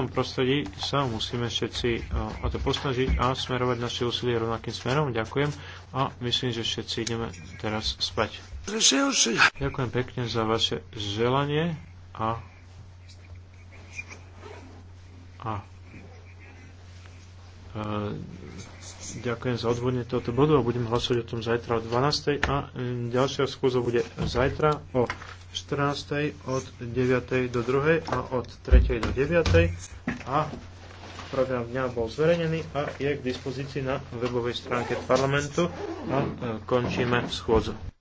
takom prostredí sa musíme všetci eh, o to posnažiť a smerovať naše úsilie rovnakým smerom. Ďakujem a myslím, že všetci ideme teraz spať. Ďakujem pekne za vaše želanie a, a Ďakujem za odvodne tohoto bodu a budem hlasovať o tom zajtra o 12. A e, ďalšia skúza bude zajtra o 14. od 9. do 2. a od 3. do 9. A program dňa bol zverejnený a je k dispozícii na webovej stránke parlamentu a e, končíme schôdzu.